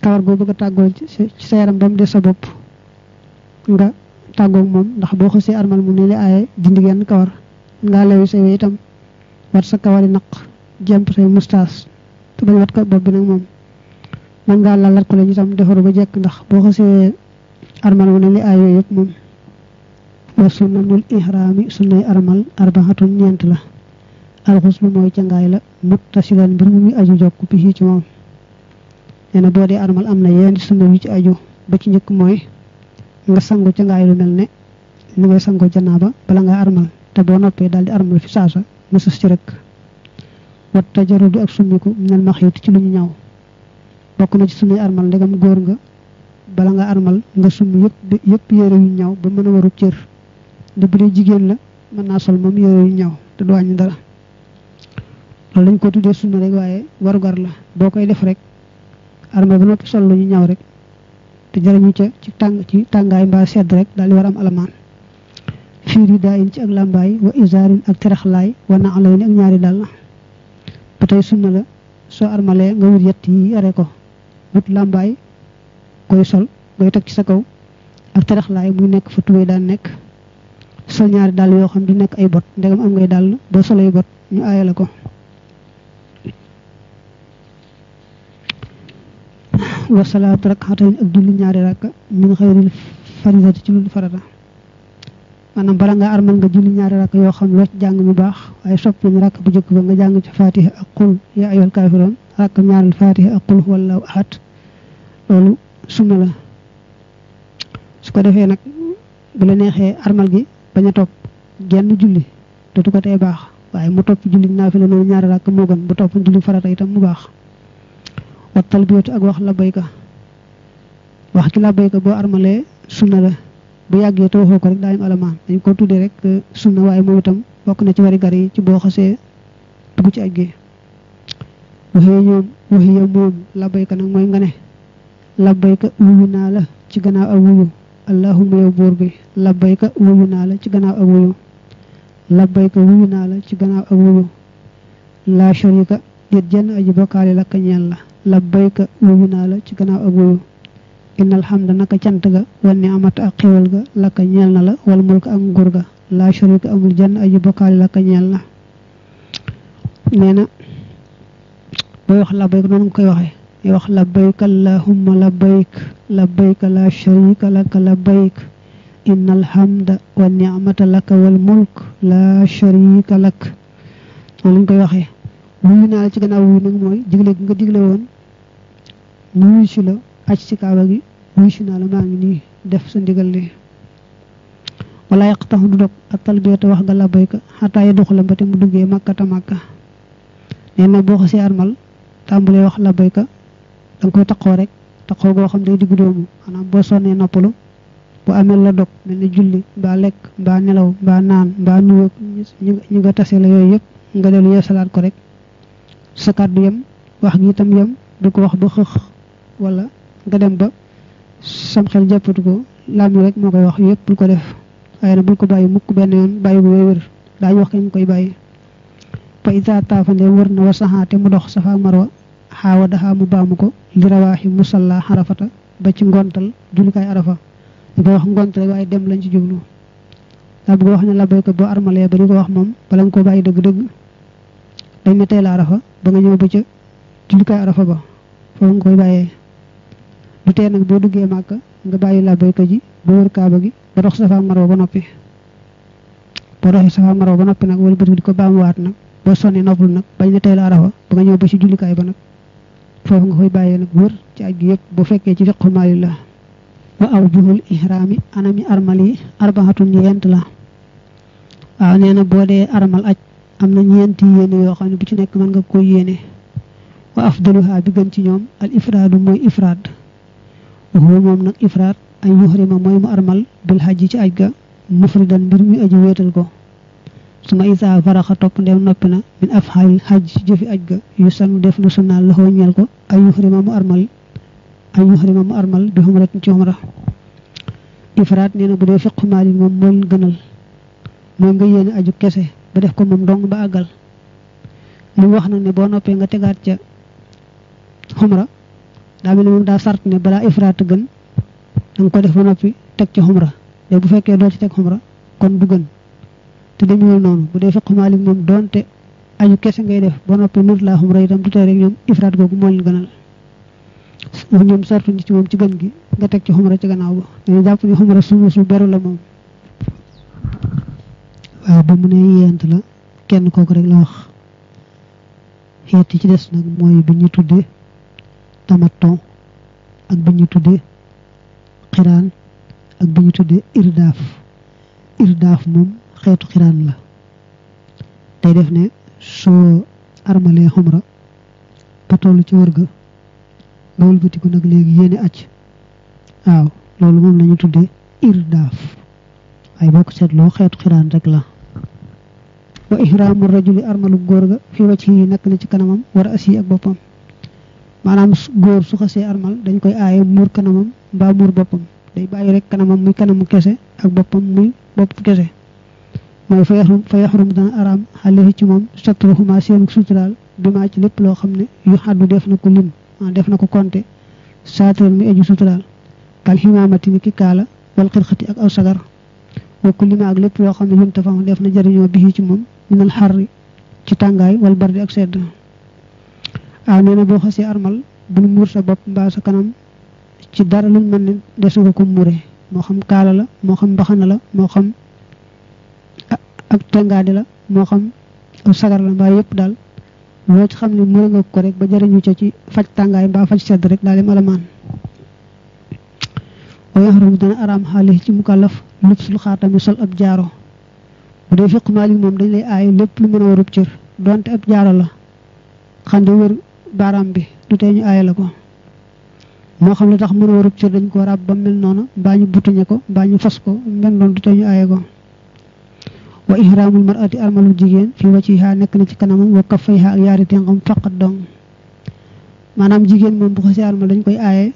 kawar goo bëgg a tàggoo ci sa yaram ba mu des sa bopp nga tàggoog moom ndax boo xasee armal mu ne la aaye dindi genn kawar ngaa leewi say we itam wat sa kawari naq jemp say mustaas te bañ wat ko bopp bi nag moom mën ngaa lalat ko leen itam defaru ba jekk ndax boo xasee armal mu ne la aaye yooyu yëpp moom wa sunnatul ihraami sunnay armal arbaxatun ñeent la alxuslu mooy cangaay la muttasilan mbir mu muy aju jokk bi ci moom nee na boo dee armal am na yenn sunna yu ci aju ba ci njëkk mooy nga sangu ca ngaay lu mel ne ni ngay sangoo janaaba bala nga armal te boo noppee daal di armal fi saasa nga sës ci rek wat tajarudu ak summiku nel ñaw bokk na ci suñuy armal ndegam góor nga bala nga armal nga summi yëpp yëpp ñaw ba mën a waru jigéen la mën naa sol moom ñaw te du dara loolu lañ ko tuddee sunna rek waaye warugar la boo koy def rek armé ba noppi sol lu ñu ñaw rek te jëriñu ca ci tàng ci tàngaay mbaa sedd rek daal di war am alamaan fii di daa in ci ak làmbaay wa isaarin ak teraxlaay wa naalaw ni ak ñaari dàll la ba tey sunna la soo armalee nga wut yett yi yare ko wut làmbaay koy sol koy teg ci sa kaw ak teraxlaay muy nekk fa tubéy daan nekk sol ñaari dàll yoo xam di nekk ay bot ndegam am ngay dàll boo solee bot ñu aaya ko wa salaatu rakkaatayn ak julli ñaari rakka min xayril faridati ci lu farata maanaam bala nga armal nga julli ñaari rakk yoo xam ne jàng mu baax waaye sopp bu jëkk ba nga jàng ci fatiha ak qul yaa ayyuhal rakk ñaareel fatiha ak qul huwallaahu ahad loolu sunna la su ko defee nag bu la neexee armal gi baña a topp genn julli te ko tey baax waaye mu topp julli naafila noonu ñaari rakk moo gën bu topp julli farata itam mu baax wa ak wax labbayka wax ci labbayka boo armalee sunna la bu yàggee te waxoo ko rek daañu alamaan dañ ko tuddee rek sunna waaye moom itam bokk na ci wari gar yi ci boo xasee dugg ci aj gi waxee ñoom waxee moom labbayka nag mooy nga ne labbayka wuyu naa la ci gannaaw ak wuyu allahumma yow naa la ci gannaaw ak wuyu labbayka wuyu ci gannaaw ak wuyu laa sharika déet jenn aji bokkaale la la labbayka wuyu naa la ci gannaaw ak wuyu innal hamda naka cant ga wan ni ak xéwal ga lakka ñeel na la wal mulka ak nguur ga laa sharika amul jenn aji bokkaale lakka ñeel na nee na booy wax labbayka noonu nga koy waxee yoy wax labbayka allahumma labbayk labbayka laa sharika laka koy waxee nuyu naa la ci gannaaw wi nag mooy digle nga digle woon nuyu si la aj si kaaba gi nuyu si naa la maa ngi nii def sa ndigal li wala yàq du dog ak talbiyata wax ga labbayka xataay ya la ba te mu duggee màkkata màkka nee na boo xasee armal tàmbalee wax labbayka da nga koy taqoo rek taqoo goo xam day diggu doomu xanaa boo sonnee noppalu bu amee la dog mel ni julli mbaa lekk mbaa nelaw mbaa naan mbaa nuwëg ñi nga tase la yooyu yëpp nga dellu yeesalaat ko rek sa kàddu yem wax gi tam yem du ko wax ba xëx wala nga dem ba sam xel jàppatu ko laam yi rek moo koy wax yëpp bul ko def waaye na bul ko bàyyi mukk benn yoon bàyyi bu wéy wér daañu wax kañ koy bàyyi fa isa taafande wër na wa saxaate mu dox safa ak marwa xaawa daxaa mu baamu ko li rawaaxi musalla xarafata ba ci ngontal julikaay arafa dafa wax ngontal waaye dem lañ ci jublu daa bëgg wax ne la béykat boo armalee ba di ko wax moom bala nga ko bàyyi dëgg-dëgg day mi tey la arafa ba nga ñëw ba ca jullikaay arafa ba foofu nga koy bàyyee du tee nag boo duggee màkk nga bàyyi la bayka ji ba wër kaaba gi ba dox safa marwa ba noppi boo doxee safa marwa ba noppi nag wala bët di ko baamuwaat nag boo sonni noppul nag bañ na tey la arafa ba nga ñëw ba ci jullikaay ba nag foofu nga koy bàyyee nag wër ci aj gi yëpp boo fekkee ci fiqu maalillah wa aw juhul ihraami anami armal yi arbaxatun ñeent la waaw nee na boo dee armal aj am na ñeenti yéene yoo xam ne bu ci nekk mën nga koy yéene wa afdaluha bi gën ci ñoom al ifraadu mooy ifraad waxuwa moom nag ifraad ay yuxrima mooy mu armal bil hajji ci aj su xaj ci jëfi aj ga yu sanu def na sunnaal la xooñeel ko ay yuxrima mu armal ay yuxrima mu armal bi xumrat ci xumra ifraad nee na bu dee fiqu maali moom moo gënal mooy nga yéene aju kese ba def ko moom dong ba àggal li wax na ne boo noppee nga tegaat ca xumra daa mel ne moom daa sart ne balaa ifraat gën danga ko def ba noppi teg ca xumra te bu fekkee doo ci teg xumra kon du gën te demewul noonu bu dee fiqu maalik moom doonte aju kese ngay def ba noppi nut laa xumra itam du tey rek ñoom ifraat googu moo leen gënal ñoom sartuñu ci moom ci gën gi nga teg ci xumra ci gannaaw ba dañu jàpp ne xumra suumu su beru la moom waa euh, ba mu ne yent la kenn kooku rek la wax xeet yi ci des nag mooy bi ñu tudde tamaton ak bi ñu tuddee xiraan ak bi ñu tudde irdaaf irdaaf moom xeetu xiraan la tey def ne soo armalee xumra ba ci wër ga nga wëlbatiku nag léegi yéene ac waaw loolu moom lañu tudde irdaaf waaye boo seetloo xeetu xiraan rek la wa ihramu rajuli armalu góor ga fi wacci yi nekk na ci kanamam war asi ak boppam maanaam góor su xasee armal dañ koy aaye muur kanamam mbaa muur boppam day bàyyi rek kanamam muy kanamu kese ak boppam muy bopp kese mooy fa yaxrum fa yaxrum dana araam xale ci moom satruxuma seenu suturaal bimaa ci lépp loo xam ne yu xaddu def na ko lim def na ko konte saatral mi aju suturaal kal ximaamati ni ki kaala wal xirxati ak aw sagar wakku lima ak lépp loo xam ne yum tafam def na jëriñoo bi ci moom min al ci tàngaay wal bardi ak sedd waaw nee na boo xasee armal bul muur sa bopp mbaa sa kanam ci dara luñ mel ni des nga ko muure moo xam kaala la moo xam mbaxana la moo xam ak tàngaade la moo xam sagar la mbaa yépp daal loo ci xam ne muure nga ko rek ba jariñu ca ci faj tàngaay mbaa faj sedd rek daal di malamaan wa yaxrum dana araam xaalis ci mukallaf lubsul xaatami sol ab jaaro bu dee fiq maalik moom dañ lay aaye lépp lu mën a warub cër donte ab jaaro la xam ne wër baaraam bi du tee ñu aaye la ko moo xam ne tax mën a warub cër dañ ko ràbb ba noonu mbaa ñu butuñe ko mbaa ñu fas ko mel noonu du tee ñu aaye ko wa ihraamul mar'ati armalul jigéen fii waccihaa nekk na ci kanamam wa kaffayhaa ak yaari tenqam faqat dong maanaam jigéen moom bu xasee armal dañ koy aaye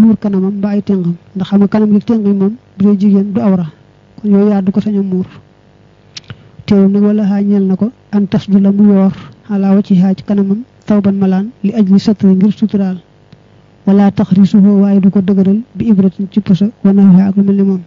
muur kanamam mbaa ay tenqam ndax xam nga kanam gi tenq yi moom bu dee jigéen du awra kon yooyu yaar du ko sañ a muur teew na wala xaa ñeel na ko an tas du la mu yoor xalaawa ci xaaj kanamam tawban malaan li aj li satri ngir suturaal wala tax risuhoo waaye du ko dëgëral bi ibratin ci posa wanawxe ak lu mel ni moom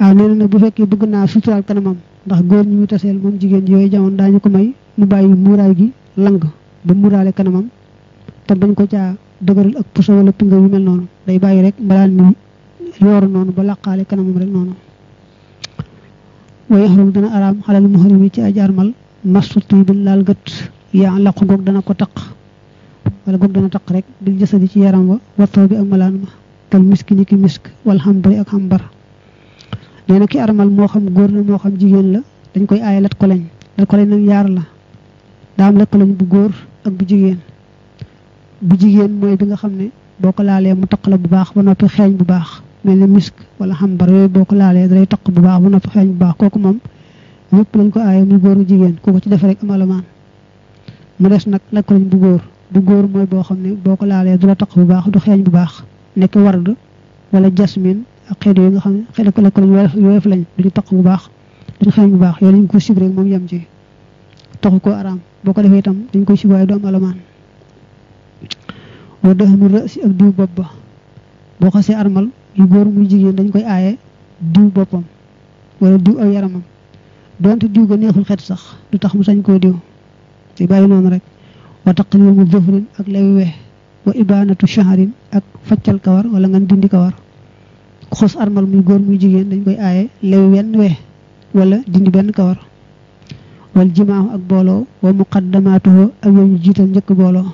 waaw nee na bu fekkee bëgg naa suturaal kanamam ndax góor ñi mu taseel moom jigéen ji yooyu jamono daañu ko may mu bàyyi muuraay gi lang ba muuraale kanamam te bañ ko ca dëgëral ak posa wala pinga yu mel noonu day bàyyi rek mbalaan mi yooru noonu ba làqaale kanamam rek noonu way xarum dana araam xalal muharimi ci aji armal masu tiibin laal gët yaa laqu goog dana ko taq wala goog dana taq rek bil jasadi ci yaram wa wattaw bi ak malaan ma kal miski ni ki misk wal xambari ak xambar nee na ki armal moo xam góor la moo xam jigéen la dañ koy aaye lat ko lañ nag yaar la daam lat bu góor ak bu jigéen bu jigéen mooy bi nga xam ne boo ko laalee mu taq la bu baax ba noppi xeeñ bu baax mel ni misk wala xambar yooyu boo ko laalee dalay taq bu baax bu noppi xeeñ bu baax kooku moom ñëpp lañ ko aaye muy góoru jigéen kooku ci def rek amalamaan mu des nag lakk lakkalañ bu góor du góor mooy boo xam ne boo ko laalee du la taq bu baax du xeeñ bu baax nekk ward wala jasmine ak xeet yi nga xam ne xeet ko lakkalañ woyof lañ duñu taq bu baax duñu xeeñ bu baax yooyu lañ ko sib rek moom yem ci taxu ko araam boo ko defee itam dañ koy sib waaye du am alamaan wa dexnu si ak diw bopp ba boo xasee armal yu góor muy jigéen dañ koy aaye diw boppam wala diw aw yaramam donte diw ga neexul xet sax du tax mu sañ koo diw di bàyyi noonu rek wa taqlimu dufrin ak lay weex wa ibanatu shaharin ak faccal kawar wala nga dindi kawar xos armal muy góor muy jigéen dañ koy aaye lew wenn we wala dindi benn kawar wal jimaahu ak booloo wa muqaddamaatuhu ak yooyu jiital njëkk booloo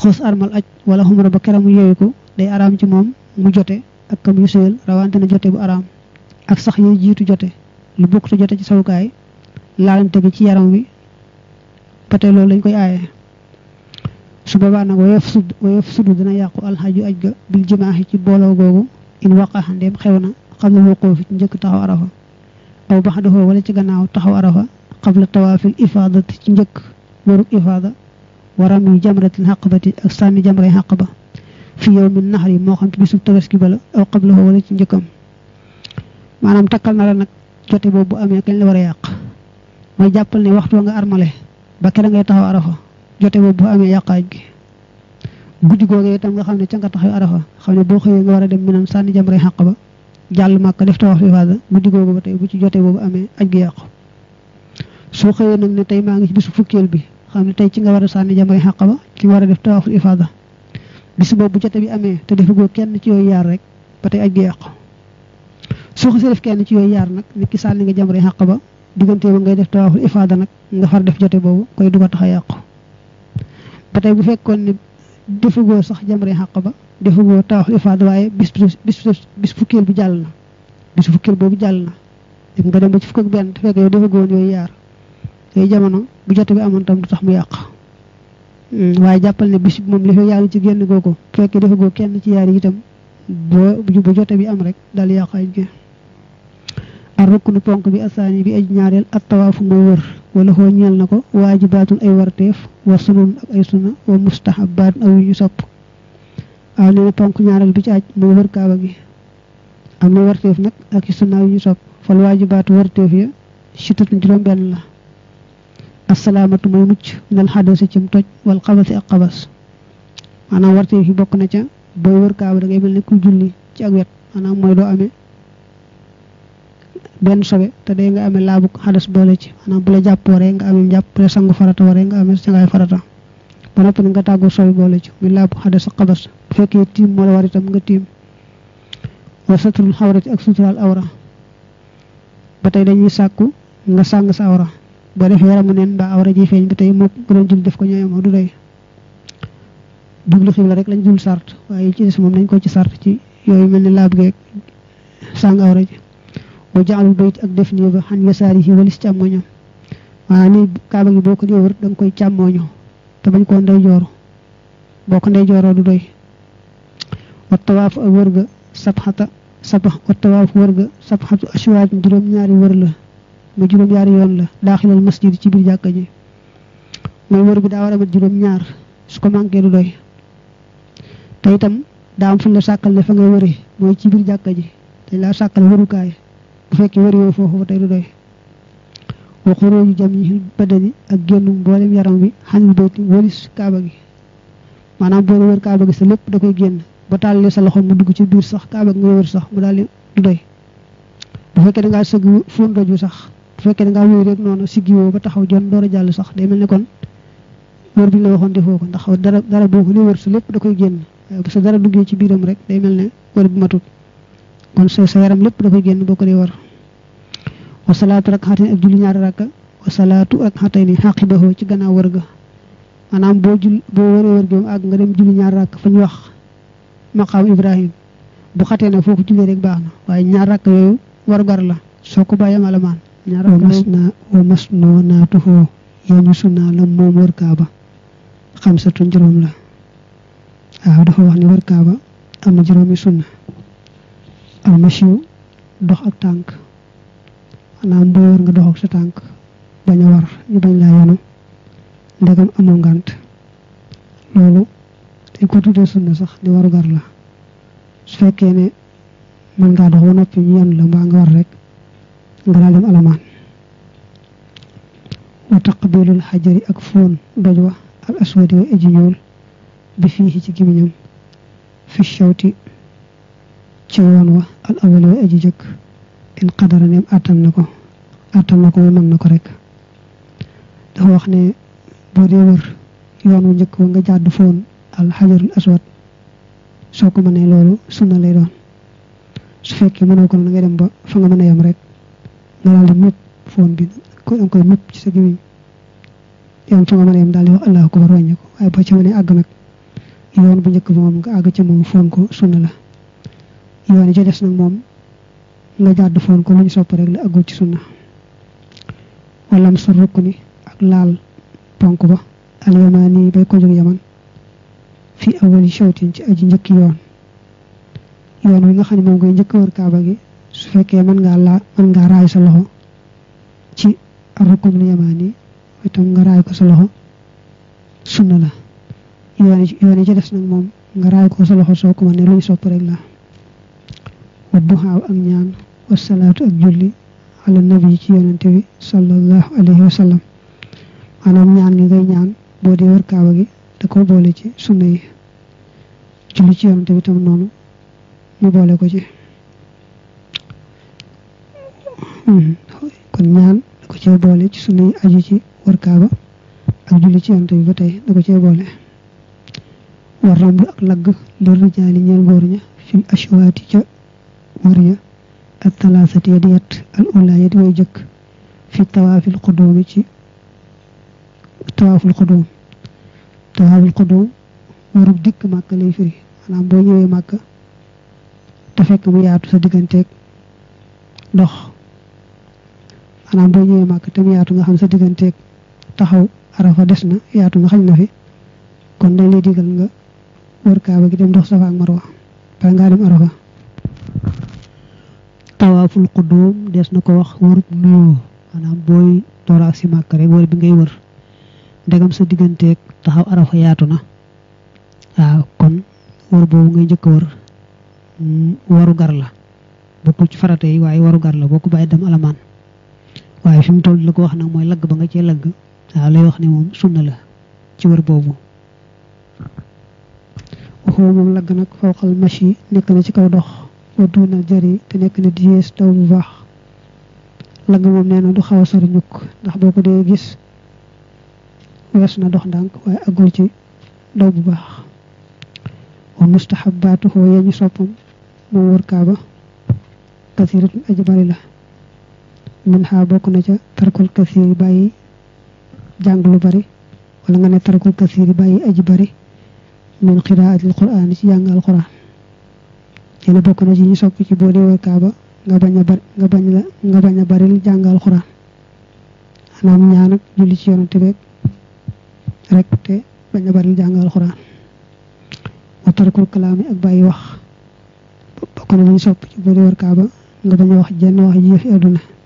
xos armal aj wala xumra ba keramu ko day araam ci moom mu jote ak kam yu sëyal rawante na jote bu araam ak sax yooyu jiitu jote lu bokk te jote ci sawukaay laalante gi ci yaram wi ba loolu lañ koy aaye su boobaa na woyof sud woyof sud dina yàqu alxaju aj ga bil jimaaxi ci booloo googu in waqaxa xew na xam la wuqoo fi ci njëkk taxaw arafa aw baxdaxoo wala ci gannaaw taxaw arafa qabla tawaafil ifaadati ci njëkk waruk ifaada waram yu jamratil xaq bati ak sànni jamray xaq ba fi yawmi nahri moo xam ci bisub tabaski bala aw qablahu wala ci njëkkam maanaam takkal na la nag jote boobu bu amee kañ la war a yàq may jàppal ne waxtu nga armale ba ke da ngay taxaw arafa jote boobu bu amee yàqaaj gi guddi googu itam nga xam ne ca nga taxaw arafa xam ne boo xëyee nga war a dem minam sànni jam rey xàq ba jàll màkk def tawaaf ifaada guddi googu ba tey bu ci jotee boobu amee aj gi yàqu soo xëyee nag ne tey maa ngi ci bisu fukkeel bi xam ne tey ci nga war a sànni jam rey xàq ba ci war a def bis boobu bu jote bi amee te defagoo kenn ci yooyu yaar rek ba tey aj gi yàqu soo xasee def kenn ci yooyu yaar nag nit ki sànni nga jamre xàq ba diggante ba ngay def tawaaful ifaada nag nga far def jote boobu koy du ko tax a yàqu ba bu fekkoon ne defagoo sax jamre xàq ba defagoo tawaaful ifaada waaye bis bis bis fukkeel bi jàll na bis fukkeel boobu jàll na nga dem ba ci fukk ak benn te fekk yow defagoo woon yooyu yaar yooyu jamono bu jote bi amoon tam du tax mu yàq Mm. waaye jàppal ne bis moom li fekk yaalu ci génn googu fekkee dafa goo kenn ci yaari itam boo bu jote bi am rek dal yàqu aj gi ar ruknu bi asaani bi aj ñaareel at tawaafu na ko waajibaatun ay warteef ay suna wa mustahabaatun aw yu ñu sopp waaw nee bi ci aj mooy wër kaaba am na warteef nag ak i suna yu ñu sopp fal waajibaatu warteef ya si tutun juróom benn la asalaamatu mooy mucc minal xadasi cim toj wal xabasi ak xabas maanaam warte fi bokk na ca booy wër kaaba da ngay mel ne ku julli ci ak wet maanaam mooy doo amee benn sobe te day nga amee laabu xadas boole ci maanaam bu la jàpp waree nga amee jàpp bu la sangu farata waree nga amee sangaay farata ba noppi nga tàggu sobe boole ci muy laabu xadas ak xabas bu fekkee tiim moo war itam nga tiim wa satrul xawrati ak suturaal awra ba tey dañuy sàng sa boo def yaramu neen mbaa awra ji feeñ bi tey moo ko doon jul def ko ñooy moo du doy jublu xibla rek lañ jul sart waaye ci moom nañ ko ci sart ci yooyu mel ni laab geeg sàng awra ak def nii ba xan wesaari yi walis càmmoñam maanaam ni kaaba gi boo ko dee wër da koy càmmoño te bañ koo ndey jooru boo ko ndey jooroo du doy wa tawaaf wër ga sabxata sabax wa tawaaf wër ga sabxatu aswaaj juróom ñaari wër la ba juróom-ñaari yoon la daaxilal masjid ci biir jàkka ji mooy wër bi daa war a mat juróom-ñaar su ko manqué du doy te itam daa am fu ñu la sàkkal ne fa ngay wëri mooy ci biir jàkka ji dañ laa sàkkal wërukaay bu fekkee wëri yoo foofu ba tey du ak génn mboolem yaram bi xanil kaaba gi maanaam boo wër gi sa lépp da koy génn ba tàllee sa loxo mu ci biir sax kaaba gi sax mu daal doy bu sax bu fekkee da ngaa wéy noonu siggiwoo ba taxaw jon door a jàll sax day mel ne kon wër bi ñu la waxoon defoo ko ndax dara dara boo ko wër su lépp da koy génn waaye bu sa dara duggee ci biiram rek day mel ne wër bi matut kon sa sa yaram lépp da koy génn boo ko dee war wasalaatu rak xatay ak julli ñaari rakka wasalaatu ak xatay ni xàqibahoo ci gannaaw wër ga maanaam boo jul boo wëree wër gi ak nga dem julli ñaari rakka fa ñu wax maqaam ibrahim bu xate na foo ko jullee rek baax na waaye ñaar rakk war gar la soo ko wa masnuunaatuhu yañu sunna la moom wër kaaba xamsatun juróom la waaw dafa wax ni wër kaaba am na juróomi sunna almasiw dox ak tànk maanaam boo wër nga dox ak sa tànk bañ a war ñu bañ laa yenu ndegam amoo ngànt loolu dañ tuddee sunna sax ni warugar la su fekkee ne mën ngaa dox ba noppi ñu yan la mbaa nga war rek nga daal dem alamaan wa taqbilul xajari ak fóon doj wa al aswadi wa aji ñuul bi fii ci gimiñam fi shawti ci yoon wa al awali wa aji jëkk in qadara neem àttan na ko àttan na ko mu mën na ko rek dafa wax ne boo dee wër yoon wu njëkk wa nga jàdd fóon al xajarul aswad soo ko mënee loolu sunna lay doon su fekkee mënoo ko na nga dem ba fa nga mën a yem rek loolu la mépp foon bi ko da nga koy mépp ci sa gémmiñ yow ci nga mën a yem daal di wax allahu akbar wàññi ko waaye boo ci mënee àgg nag yoon bu njëkk bi moom nga àgg ci moom foon ko sunna la yoon yi ci des nag moom nga jàdd foon ko lu ñu sopp rek la àggul ci sunna wala mu sa rukk ni ak laal ponk ba al yamaani bay ko jóg yaman fii awali shawtin ci aji njëkki yoon yoon wi nga xam ne moom ngay njëkk wër kaaba gi su fekkee mën ngaa laa mën ngaa raay sa loxo ci ruknul yamaani itam nga raay ko sa loxo sunna la yoon yoon yi ci des nag moom nga raay ko sa loxo soo ko mënee lu ñu sopp rek la wa duxaaw ak ñaan wa salaatu ak julli ala nabi ci yonante bi sallallahu alayhi wa sallam maanaam ñaan gi ngay ñaan boo dee wër kaaba gi te ko boole ci sunna yi julli ci yonante bi tam noonu mu boole ko ci kon ñaan da ko cee boole ci sunna yi aju ci war kaaba ak julli ci yonent bi ba tey da ko cee boole war romb ak lagg li rijaali ñeel góor ña fil ca wër ya ak talaasati ya di yett al ula ya di jëkk fi tawaafil xudoomi ci dikk màkk lay firi maanaam boo ñëwee màkk te fekk mu yaatu sa digganteeg dox maanaam boo ñëwee màkk xam sa digganteeg des yaatu nga xañ na fi kon dañ lay digal des na ko wax wërub nuyoo maanaam booy dooraak si màkk rek wër bi ngay wër ndegam sa digganteeg taxaw arafa yaatu na waaw kon wër boobu ngay njëkk wër mm, waru gar la bokkul waaye waru gar la boo ko bàyyi dem alamaan waaye fi mu la ko wax nag mooy lagg ba nga cee lagg waaw lay wax ne moom sunna la ci wër boobu waxoo moom lagg nag fawqal machi nekk na ci kaw dox wa duuna jari te nekk na diyees taw bu baax lagg moom nee na du xaw a sori ndax boo ko dee gis wees na dox ndànk waaye agul ci daw bu baax wa mustahabaatuhu yañu soppam moom wër kaaba kasiratun ajabari la man xaa bokk na ca tarkul kasiiri bay jàng lu bari wala nga ne tarkul kasiiri bàyyi aji bari min xiraatil quraan ci jàng alquraan yéen bokk na ci ñu sopp ci boo dee kaaba nga bañ bari nga bañ la nga bañ a baril jàng alquraan xanaam ñaan ak julli ci yonante beeg rek te bañ a baril jàng alquraan wa tarkul kalaami ak bàyyi wax bokk na ci ñu sopp ci boo dee kaaba nga bañ wax jenn wax ji yëfi